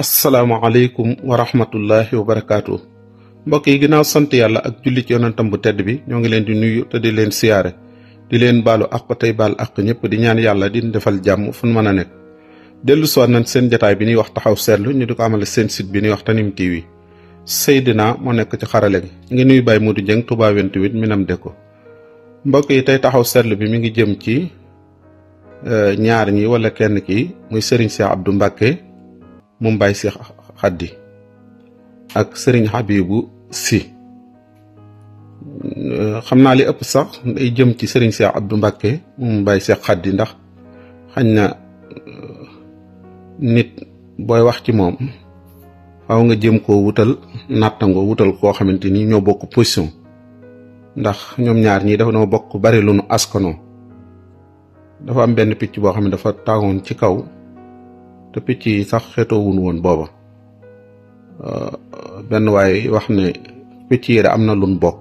asalaamaaleykum wa rahmatullahi wa barakaatu mbokk yi ginnaaw sant yàlla ak julli ci yonentam bu tedd bi ñoo ngi leen di nuyu te di leen siyaare di leen baalu àq tey baal àq ñëpp di ñaan yàlla di defal jàmm fu nu mën a nekk. dellu si waat nañ seen jataay bi ñuy wax taxaw seetlu ñu di ko amale seen site bi ñuy wax Tanime TV Seydina moo nekk ci xarale gi ngi nuyu Baye Modou Dieng Touba 28 Minam Deko mbokk yi tey taxaw seetlu bi mi ngi jëm ci euh, ñaar ñi wala kenn ki muy Serigne Cheikh Abdou Mbacke. moom Baye Cheikh Khady ak sëriñ Habibou si euh, xam naa li ëpp sax day jëm ci sëriñ Serigne Cheikh Abdou Mbacké moom Baye Cheikh Khady ndax xañ na euh, nit booy wax ci moom waaw nga jëm koo wutal nattango wutal koo xamante ni ñoo bokk position ndax ñoom ñaar ñii dafa noo bokk bari lu nu askanoo dafa am benn picc boo xam ne dafa taawoon ci kaw te picc yi sax xetoowun woon booba euh, benn waay wax ne picc yi da am na lun bokk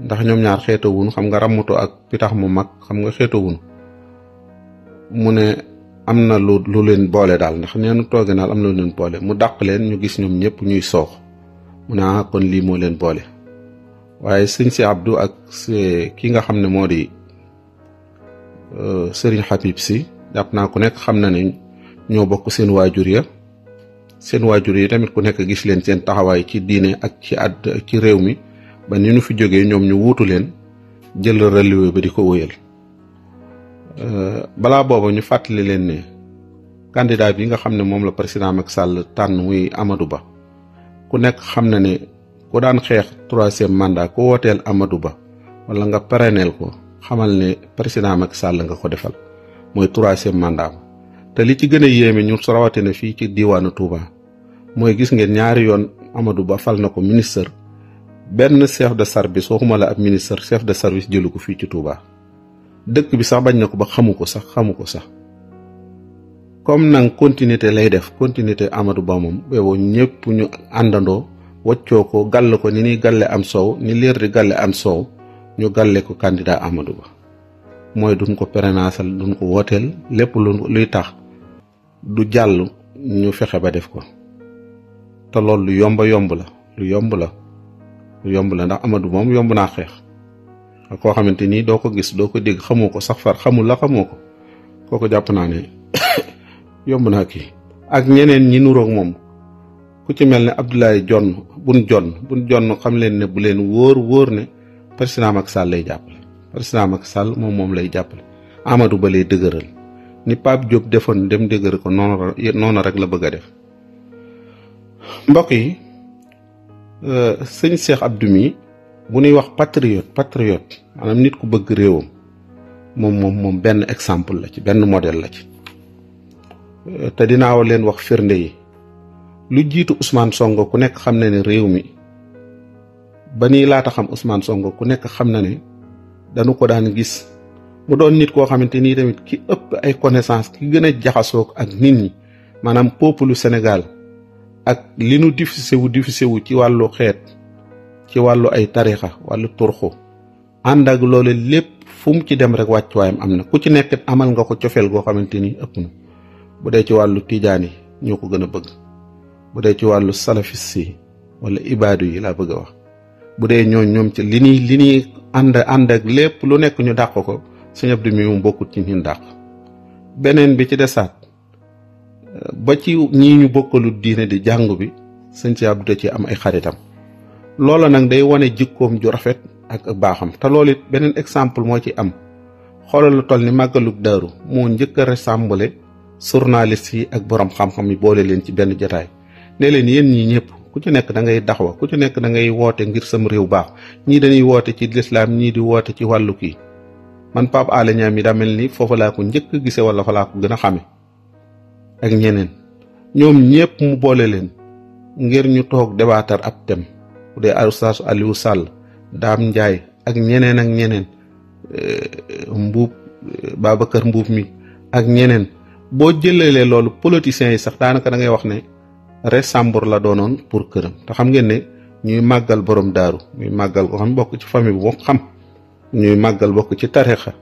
ndax ñoom ñaar xeetowun xam nga ràmmutu ak pitax mu mag xam nga xeetowun mu ne am na lu leen boole daal ndax neenu tooge naal am na lu leen boole mu dàq leen ñu gis ñoom ñëpp ñuy soox mu ne ah kon lii moo leen boole waaye sëñ si Abdou ak ki nga xam ne moo di euh, sëriñ Habib si jàpp naa ku nekk xam na ne ñoo bokk seen waajur ya seen waajur yi tamit ku nekk gis leen seen taxawaay ci diine ak ci àdd ci réew mi ba ni ñu fi jógee ñoom ñu wuutu leen jël relevé ba di ko wóyal balaa booba ñu fàttali leen ne candidat bi nga xam ne moom la président Macky Sall tànn muy Amadou Ba ku nekk xam na ne ku daan xeex troisième mandat ku wooteel Amadou Ba wala nga parrainel ko xamal ne président Macky Sall nga ko defal mooy troisième mandat te li ci gën a yéeme ñu rawatina fii ci diwaanu Touba mooy gis ngeen ñaari yoon amadu Ba fal na ko ministre benn chef de service waxuma la ab ministre chef de service jëlu ko fii ci Touba dëkk bi sax bañ na ko ba xamu ko sax xamu ko sax comme nag continuité lay def continuité amadu Ba moom boobu ñëpp ñu àndandoo waccoo ko gall ko ni ñuy gàlle am soow ni liir di gàlle am soow ñu gàlle ko candidat Amadou Ba. mooy duñ ko pérénaasal dun ko wooteel lépp lu luy tax du jàll ñu fexe ba def ko te loolu lu yomba yomb la lu yomb la lu yomb la ndax Amadou moom yomb naa xeex ak koo xamante nii doo ko gis doo ko dégg xamu ko sax far xamul la xamoo ko kooku jàpp naa ne yomb naa kii ak ñeneen ñi nurook moom ku ci mel ni Abdoulaye Jonn bun jonn bun jonn xam leen ne bu leen wóor wóor ne président ak Sall lay jàppale président ak Sall moom moom lay jàppale Amadou Ba lay dëgëral ni Pape Diop defoon dem dëgër ko noonu rek la bëgg a def mbokk yi euh, sëñ Cheikh Abdou bu ñuy wax patriote patriote maanaam nit ku bëgg réewam moom moom moom benn exemple la ci benn modèle la ci euh, te dinaa leen wax firnde yi lu jiitu usmaan songo ku nekk xam na ne réew mi ba nii laata xam usmaan Sonko ku nekk xam na ni dañu ko daan gis mu doon nit koo xamante nii tamit ki ëpp ay connaissance ki gën a jaxasoo ak nit ñi maanaam peuple Sénégal ak li nu diffusé wu diffusé wu ci wàllu xeet ci wàllu ay tarixa wàllu turxu ànd ak loolu lépp fu mu ci dem rek wàccuwaayam am na ku ci nekk amal nga ko cofeel goo xamante ni ëpp na bu dee ci wàllu tiijaan yi ñoo ko gën a bëgg bu dee ci wàllu salafis yi wala ibaadu yi laa bëgg a wax bu dee ñoo ñoom ci li ñuy li ñuy ànd ànd ak lépp lu nekk ñu dàq ko sëñ Abdou mi mu bokkut ci ñun dàq beneen bi ci desaat ba ci ñii ñu bokkalu diine di jàngu bi sëñ si Abdou ci am ay xaritam loola nag day wane jikkoom ju rafet ak baaxam te loolu it beneen exemple moo ci am xoolal lu ni màggalug daaru moo njëkk a rassemblé journaliste yi ak boroom xam-xam yi boole leen ci benn jataay ne leen yéen ñi ku ci nekk da ngay daxwa ku ci nekk da ngay woote ngir sam réew baax ñii dañuy woote ci lislaam ñii di woote ci wàllu kii man Pape Alé Niang mi daa mel ni foofu laa njëkk a gisee wala fa laa ko gën a xame ak ñeneen ñoom ñëpp mu boole leen ngir ñu toog débattre ab thème bu dee Oustaz sàll Sall Dame Ndiaye ak ñeneen ak ñeneen euh, Mbuub kër euh, Mbuub mi ak ñeneen boo jëlalee loolu politiciens yi sax daanaka da wax ne resambur la doonoon pour këram te xam ngeen ne ñuy màggal borom daaru ñuy màggal ko xam bokk ci famille bu bokk xam ñuy màggal bokk ci tarixa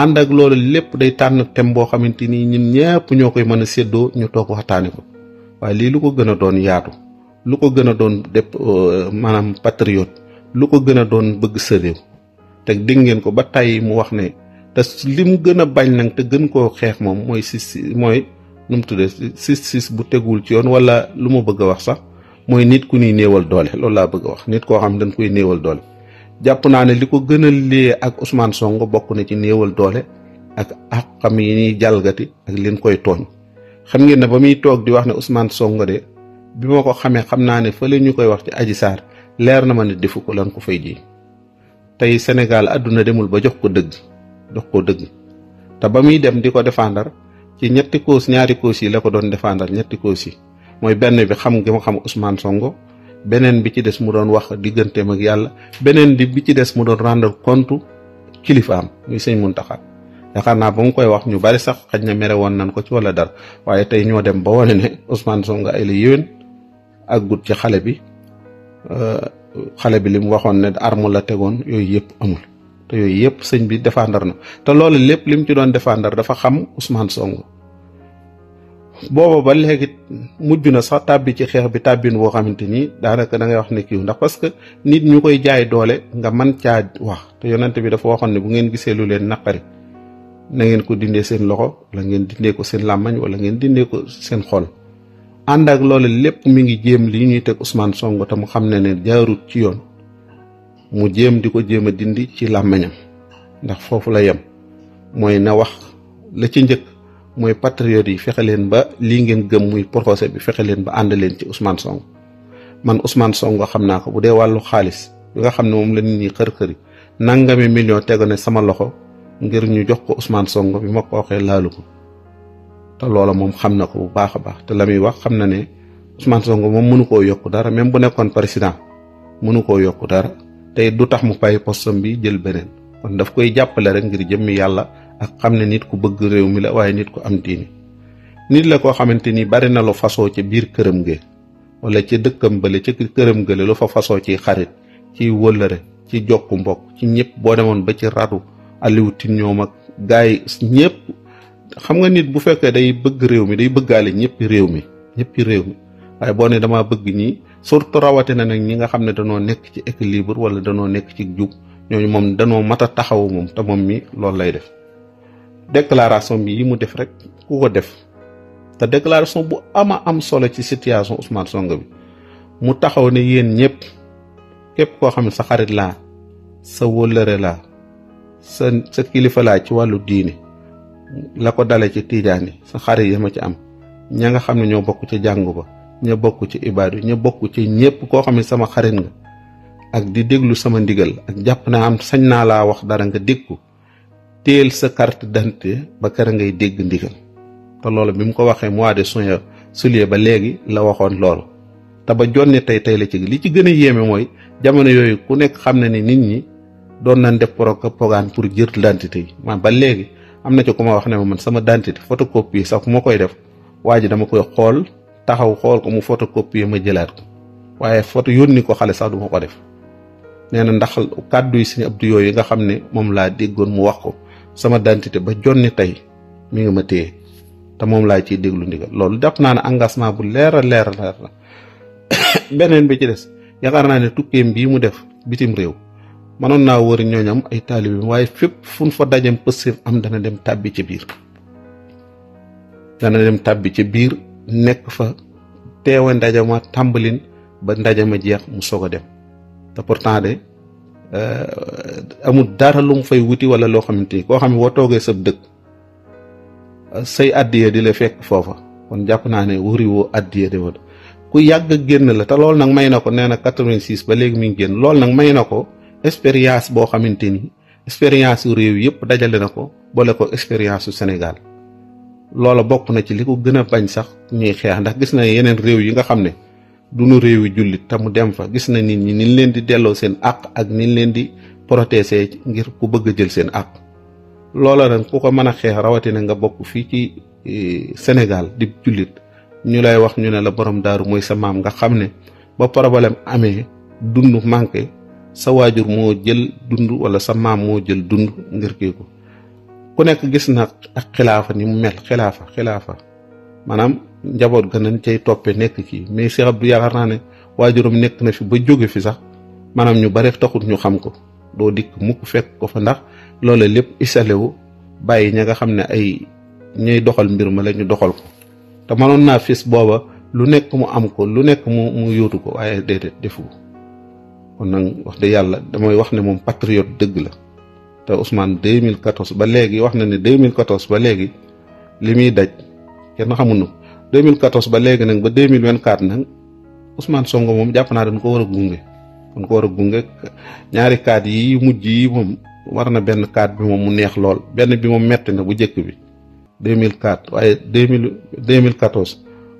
ànd ak loolu lépp day tànn thème boo xamante ni ñun ñëpp ñoo koy mën a séddoo ñu toog waxtaane ko waaye lii lu ko gën a doon yaatu lu ko gën a doon dep euh, maanaam patriote lu ko gën a doon bëgg sa te dégg ngeen ko ba tey mu wax ne te li mu gën a bañ nag te gën koo xeex moom mooy si si mooy nu mu tuddee six bu teguwul ci yoon wala lu ma bëgg a wax sax mooy nit ku ñuy néewal doole loolu laa bëgg a wax nit koo xam dañ koy néewal doole. jàpp naa ne li ko gën a liyee ak Ousmane Sonko bokk na ci néewal doole ak ak xam yi ñuy jalgati ak leen koy tooñ xam ngeen ne ba muy toog di wax ne Ousmane songo de bi ma ko xamee xam naa ne fële ñu koy wax ci aji saar leer na ma ne defu ko lan ko fay ji tey Sénégal àdduna demul ba jox ko dëgg jox ko dëgg te ba muy dem di ko défendre ci ñetti cause ñaari cause yi la ko doon défendal ñetti cause yi mooy benn bi xam nga mu xam Ousmane songo beneen bi ci des mu doon wax digganteem ak yàlla beneen bi ci des mu doon rendre compte kilifaam muy sëñ Muntaxa yaakaar naa ba mu koy wax ñu bari sax xaj na mere woon nañ ko ci wala dara waaye tey ñoo dem ba wane ne Ousmane Sonko ay la yéwén ak gut ci xale bi euh, xale bi li mu waxoon ne arme la tegoon yooyu yëpp amul te yooyu yëpp sëñ bi défendre na te loolu lépp li mu ci doon défendre dafa xam Ousmane Sonko booba ba léegi mujj na sax tàbbi ci xeex bi tàbbin boo xamante ni daanaka da ngay wax ne kiiw ndax parce que nit ñu koy jaay doole nga man caa wax te yonent bi dafa waxoon ne bu ngeen gisee lu leen naqari na ngeen ko dindee seen loxo wala ngeen dindee ko seen làmmañ wala ngeen dindee ko seen xool ànd ak loolu lépp mi ngi jéem li ñuy teg Ousmane Sonko te mu xam ne ne jaarut ci yoon mu jéem di ko jéem a dindi ci làmmañam ndax foofu la yem mooy na wax mooy patriote yi fexe leen ba lii ngeen gëm muy procès bi fexe leen ba ànd leen ci Ousmane Sonko man Ousmane Sonko xam naa ko bu dee wàllu xaalis bi nga xam ne moom la nit ñi xër-xëri nangami million tego ne sama loxo ngir ñu jox ko Ousmane Sonko bi ma ko laalu ko te loola moom xam na ko bu baax a baax te la muy wax xam na ne Ousmane Sonko moom mënu koo yokk dara même bu nekkoon président mënu koo yokk dara tey du tax mu bàyyi postom bi jël beneen kon daf koy jàppale rek ngir jëmmi yàlla ak xam ne nit ku bëgg réew mi la waaye nit ku am diine nit la koo xamante ni bari na lu fasoo ca biir këram ge wala ca dëkkam bale ca këram gële lu fa fasoo ci xarit ci wëllëre ci jokku mbokk ci ñëpp boo demoon ba ci radu Aliou ñoom ak gars yi ñëpp xam nga nit bu fekkee day bëgg réew mi day bëggaale ñëppi réew mi ñëppi réew mi waaye boo ne dama bëgg ñi surtout rawatina nag ñi nga xam ne danoo nekk ci équilibre wala danoo nekk ci jub ñooñu moom danoo mat a taxawu moom te moom mi loolu lay def déclaration bi yi mu def rek ku ko def te déclaration bu ama am solo ci situation Ousmane Sonko bi mu taxaw ne yéen ñëpp képp koo xam ne sa xarit laa sa wóllëre laa sa sa kilifa laa ci wàllu diini la ko dale ci tiijaan yi sa xarit yi ma ci am ña nga xam ne ñoo bokk ci jàngu ba ña bokk ci ibaadu ña bokk ci ñëpp koo xam ne sama xarit nga ak di déglu sama ndigal ak jàpp naa am sañ naa laa wax dara nga dégg ko téel sa carte d'identité ba kër ngay dégg ndigal te loolu bi mu ko waxee mois de juin juillet ba léegi la waxoon loolu te ba jonne tey tey la ci li ci gën a yéeme mooy jamono yooyu ku nekk xam ne ni nit ñi doon nañ def poro propagande pour jël d'identité yi man ba léegi am na ci ku ma wax ne ma man sama d'identité photocopie sax ma koy def waa ji dama koy xool taxaw xool ko mu photocopie ma jëlaat ko waaye photo yónni ko xale sax du ko def nee na ndax kàddu yi Sëriñ Abdu yooyu nga xam ne moom laa déggoon mu wax ko sama dentité ba jonni tey mu ngi ma téye te moom laa ciy déglu ndigal loolu jàpp naa ne engagement bu leer a leer la beneen bi ci des yaakaar naa ne tukkeem bii mu def bitim réew mënoon naa wër ñooñam ay taalibe waaye fépp fun fa dajem pësir am dana dem tàbbi ci biir dana dem tàbbi ci biir nekk fa teewe ndajama tàmbalin ba ndaje ma jeex mu soog a dem te pourtant de Euh, amul dara lu mu fay wuti wala loo xamante ni koo xam ne boo toogee sab dëkk say addiya di la fekk foofa kon jàpp naa ne wuri woo addiya di woon ku yàgg génn la te loolu nag may na ko nee na 86 ba léegi mi génn lool nag may na ko expérience boo xamante ni expérience yu réew yëpp dajale na ko boole ko expérience su Sénégal loola bokk na ci li ko gën a bañ sax ñuy xeex ndax gis na yeneen réew yi nga xam ne. duñu réewi jullit te mu dem fa gis na nit ñi niñ leen di delloo seen àq ak niñ leen di protéger ngir ku bëgg jël seen àq loola nag ku ko mën a xeex rawatina nga bokk fii ci e, Sénégal di jullit ñu lay wax ñu ne la borom daaru mooy sa maam nga xam ne ba problème amee dund manqué sa waajur moo jël dund wala sa maam moo jël dund ngir kii ku nekk gis na ak xilaafa ni mu mel xilaafa xilaafa maanaam njaboot ga nañ cay toppee nekk kii mais Cheikh du yaakaar naa ne waajuram nekk na fi ba jóge fi sax maanaam ñu bare taxut ñu xam ko doo dikk mukk fekk ko fa ndax loole lépp isalewu bàyyi ña nga xam ne ay ñay doxal mbir ma la ñu doxal ko te mënoon naa fis booba lu nekk mu am ko lu nekk mu mu yóotu ko waaye déedéet defu kon nag wax de yàlla damay wax ne moom patriote dëgg la te Ousmane 2014 ba léegi wax na ne 2014 ba léegi li muy daj kenn xamuñu 2014 ba léegi nag ba 2024 nag Ousmane songo moom jàpp naa dañ ko war a gunge dañ ko war a gunge ñaari kaat yi mujj yi moom war na benn kaat bi moom mu neex lool benn bi moom metti na bu njëkk bi 2004 waaye 2000 2014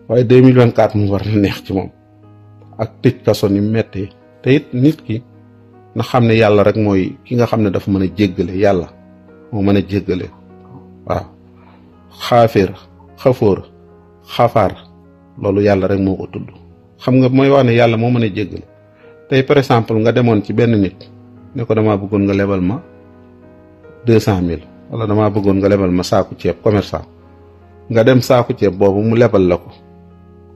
waaye 2024 mu war na neex ci moom ak tëj kaso ni metti te nit ki na xam ne yàlla rek mooy ki nga xam ne dafa mën a jéggale yàlla moo mën a jéggale waaw xaafir xafóor xafaar loolu yàlla rek moo ko tudd xam nga mooy wax ne yàlla moo mën a jéggal tey par exemple nga demoon ci benn nit ne ko damaa bëggoon nga lebal ma deux cent mille wala damaa bëggoon nga lebal ma saaku ceeb commerçant nga dem saaku ceeb boobu mu lebal la ko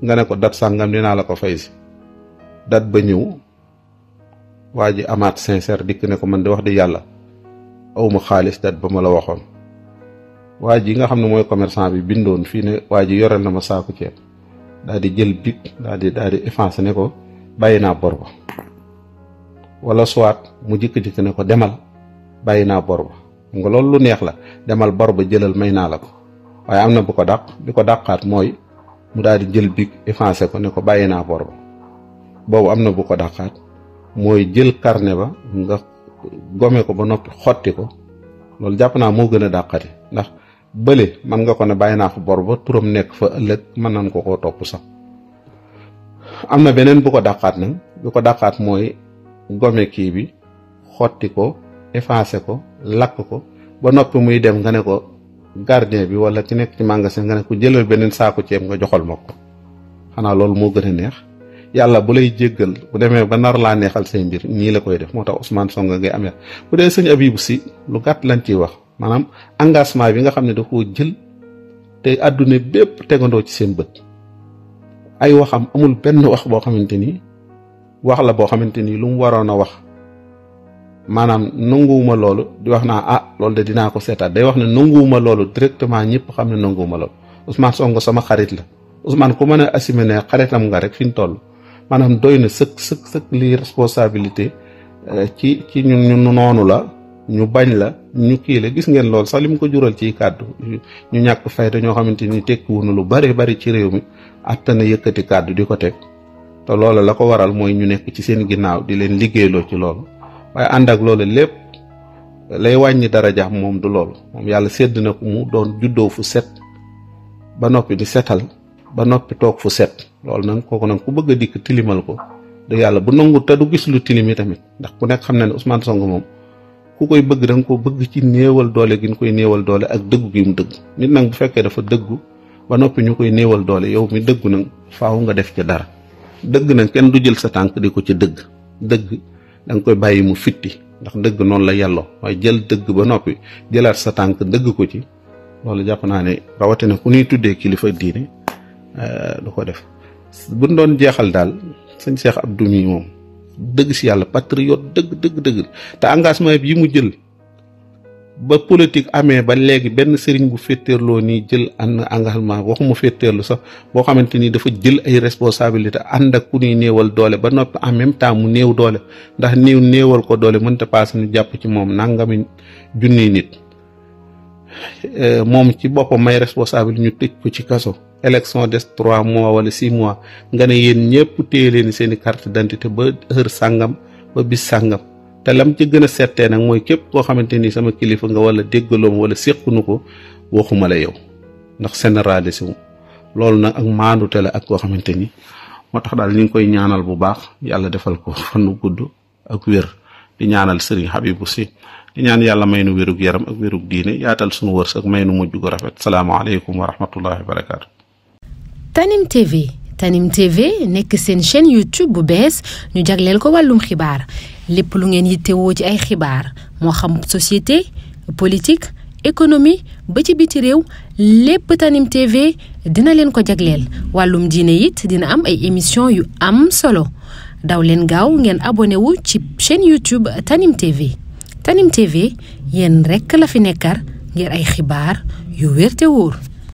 nga ne ko dat sàngam dinaa la ko fay si dat ba ñëw waa ji amaat sincère dikk ne ko man di wax di yàlla awma xaalis dat ba ma la waxoon waa ji nga xam ne mooy commerçant bi bindoon fii ne waa ji yoreel na ma saaku ceeb daal di jël bic daal di daal di effacé ne ko bàyyi naa bor ba wala soit mu jëkk-jëkk ko demal bàyyi naa bor ba nga loolu lu neex la demal bor ba jëlal may naa la ko waaye am na bu ko dàq bi ko dàqaat mooy mu daal di jël bic effacé ko ne ko bàyyi naa bor ba boobu am na bu ko dàqaat mooy jël carnet ba nga gome ko ba noppi xotti ko loolu jàpp naa moo gën a dàqati ndax bële man nga ko ne bàyyi naa ko bor ba turam nekk fa ëllëg mën nañ ko koo topp sax am na beneen bu ko dàqaat nag bu ko dàqaat mooy gome kii bi xotti ko effacé ko lakk ko ba noppi muy dem nga ne ko gardien bi wala ki nekk ci magasin nga ne ko jëlal beneen saako ceeb nga joxal ma xanaa loolu moo gën a neex yàlla bu lay jéggal bu demee ba nar laa neexal say mbir ñii la koy def moo tax soo Sonko ngay amee bu dee sëñ Abibu Si lu gàtt lañ ciy wax maanaam engagement bi nga xam ne da ko jël te àdduna bépp tegandoo ci seen bët ay waxam amul benn wax boo xamante ni wax la boo xamante ni lu mu waroon a wax maanaam nanguwuma loolu di wax naa ah loolu de dinaa ko seetaat day wax ne nanguwuma loolu directement ñëpp xam ne nanguwuma loolu Ousmane nga sama xarit la Ousmane ku mën a assumer ne xaritam nga rek fi ñu toll maanaam doy na sëkk sëkk sëkk lii responsabilité euh, ci ci ñu noonu la ñu bañ la ñu kii la gis ngeen lool sax li mu ko jural ci kàddu ñu ñàkk fayda ñoo xamante ni tekkiwunu lu bari bari ci réew mi àttana yëkkati kàddu di ko teg te loola la ko waral mooy ñu nekk ci seen ginnaaw di leen liggéeyloo ci loolu waaye ànd ak loolu lépp lay wàññi dara daraja moom du loolu moom yàlla sedd na ko mu doon juddoo fu set ba noppi di setal ba noppi toog fu set loolu nag kooku nag ku bëgg a dikk tilimal ko de yàlla bu nangu te du gis lu tilimi tamit ndax ku nekk xam na ne Ousmane Sonko moom ku koy bëgg danga nga ko bëgg ci néewal doole gi ñu koy néewal doole ak dëggu gi mu dëgg nit nag bu fekkee dafa dëggu ba noppi ñu koy néewal doole yow mi dëggu nag faaw nga def ca dara dëgg nag kenn du jël sa tànk di ko ci dëgg dëgg da koy bàyyi mu fitti ndax dëgg noonu la yelloo waaye jël dëgg ba noppi jëlaat sa tànk dëgg ko ci loolu jàpp naa ne rawatina ku nuy tuddee kilifa diine eh, du ko def buñ doon jeexal daal sëñ Cheikh ab mi moom dëgg si yàlla patriote dëgg dëgg dëgg te engagement yi mu jël ba politique amee ba léegi benn sëriñ bu féeteerloo nii jël ànd engagement waxuma féeteerlu sax boo xamante ni dafa jël ay responsabilité ànd ak ku ñuy néewal doole ba noppi en même temps mu néew doole ndax néew néewal ko doole mënta paase nu jàpp ci moom nangami junniy nit. Euh, moom ci boppam may responsable ñu tëj ko ci kaso élection des trois mois wala six mois nga ne yéen ñëpp téye leen seen i carte d'identité ba heure sàngam ba bis sàngam te lam ci gën a settee nag mooy képp koo xamante ni sama kilifa nga wala déggaloom wala séqunu ko waxuma la yow ndax général si loolu nag ak maandute la ak koo xamante ni moo tax daal ñu ngi koy ñaanal bu baax yàlla defal ko fan gudd ak wér di ñaanal Serigne Habibou Sy di ñaan yàlla may nu wérug yaram ak wérug diine yaatal sunu wërs ak may nu mujj gu rafet salaamaaleykum wa rahmatullahi wa barakaatu. Tanim TV Tanim nekk seen chaîne YouTube bu bees ñu jagleel ko wàllum xibaar lépp lu ngeen yittewoo ci ay xibaar moo xam société politique économie ba ci biti réew lépp Tanim TV dina leen ko jagleel wàllum diine it dina am ay émission yu am solo daw leen gaaw ngeen abonné ci chaîne YouTube Tanim TV. Tanim TV yéen rekk la fi nekkar ngir ay xibaar yu weer te wóor